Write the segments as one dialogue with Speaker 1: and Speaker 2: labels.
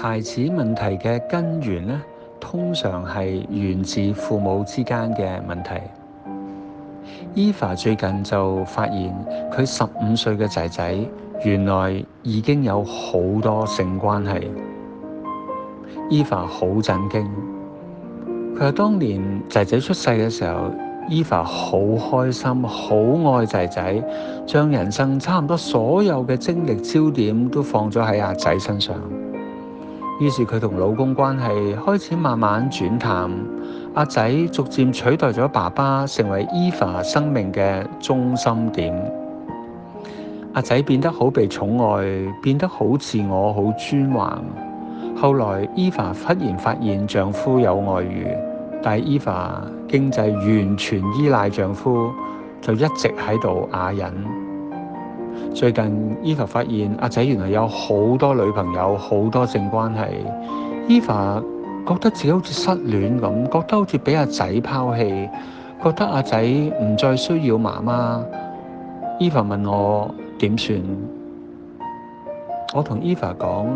Speaker 1: 孩子問題嘅根源呢，通常係源自父母之間嘅問題。Eva 最近就發現佢十五歲嘅仔仔，原來已經有好多性關係。Eva 好震驚，佢話：當年仔仔出世嘅時候，Eva 好開心，好愛仔仔，將人生差唔多所有嘅精力焦點都放咗喺阿仔身上。於是佢同老公關係開始慢慢轉淡，阿仔逐漸取代咗爸爸成為 Eva 生命嘅中心點。阿仔變得好被寵愛，變得好自我、好專橫。後來 Eva 忽然發現丈夫有外遇，但係、e、Eva 經濟完全依賴丈夫，就一直喺度啞忍。最近 Eva 發現阿仔原來有好多女朋友，好多性關係。Eva 覺得自己好似失戀咁，覺得好似俾阿仔拋棄，覺得阿仔唔再需要媽媽。Eva 問我點算？我同 Eva 講：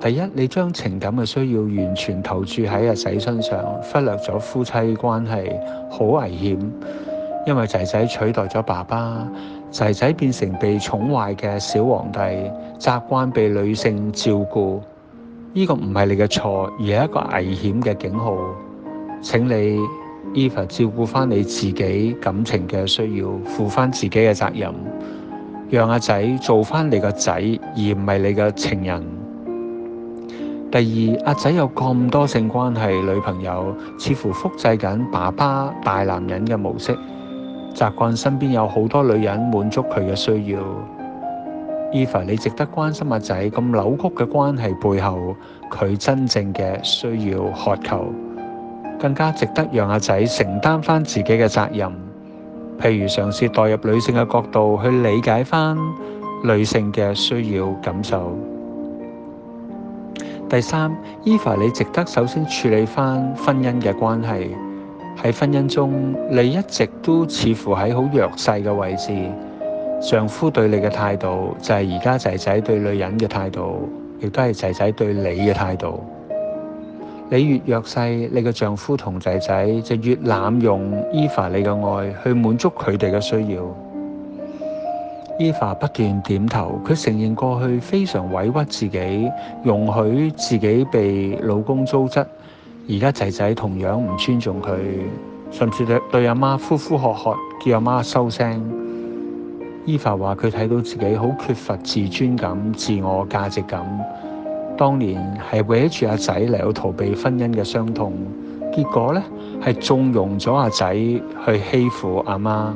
Speaker 1: 第一，你將情感嘅需要完全投注喺阿仔身上，忽略咗夫妻關係，好危險。因為仔仔取代咗爸爸，仔仔變成被寵壞嘅小皇帝，習慣被女性照顧。呢個唔係你嘅錯，而係一個危險嘅警號。請你 Eva 照顧翻你自己感情嘅需要，負翻自己嘅責任，讓阿仔做翻你個仔，而唔係你嘅情人。第二，阿仔有咁多性關係，女朋友似乎複製緊爸爸大男人嘅模式。習慣身邊有好多女人滿足佢嘅需要。Eva，你值得關心阿仔咁扭曲嘅關係背後，佢真正嘅需要渴求，更加值得讓阿仔承擔返自己嘅責任。譬如嘗試代入女性嘅角度去理解返女性嘅需要感受。第三，Eva，你值得首先處理返婚姻嘅關係。喺婚姻中，你一直都似乎喺好弱勢嘅位置。丈夫對你嘅態度，就係而家仔仔對女人嘅態度，亦都係仔仔對你嘅態度。你越弱勢，你嘅丈夫同仔仔就越濫用 Eva 你嘅愛去滿足佢哋嘅需要。Eva 不斷點頭，佢承認過去非常委屈自己，容許自己被老公糟質。而家仔仔同樣唔尊重佢，甚至對阿媽，媽呼呼喝喝，叫阿媽收聲。Eva 話佢睇到自己好缺乏自尊感、自我價值感。當年係為住阿仔嚟到逃避婚姻嘅傷痛，結果咧係縱容咗阿仔去欺負阿媽，媽。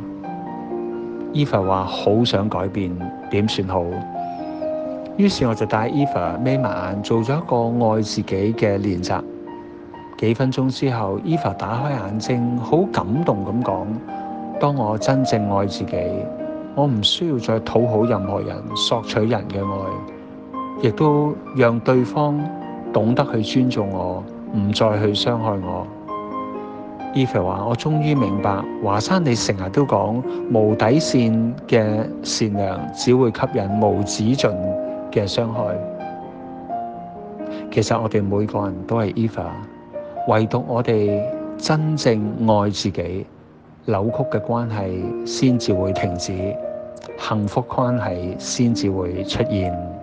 Speaker 1: Eva 話好想改變，點算好？於是我就帶 Eva 眯埋眼做咗一個愛自己嘅練習。幾分鐘之後，Eva 打開眼睛，好感動咁講：當我真正愛自己，我唔需要再討好任何人，索取人嘅愛，亦都讓對方懂得去尊重我，唔再去傷害我。Eva 話：我終於明白，華山你成日都講無底線嘅善良，只會吸引無止盡嘅傷害。其實我哋每個人都係 Eva。唯獨我哋真正愛自己，扭曲嘅關係先至會停止，幸福關係先至會出現。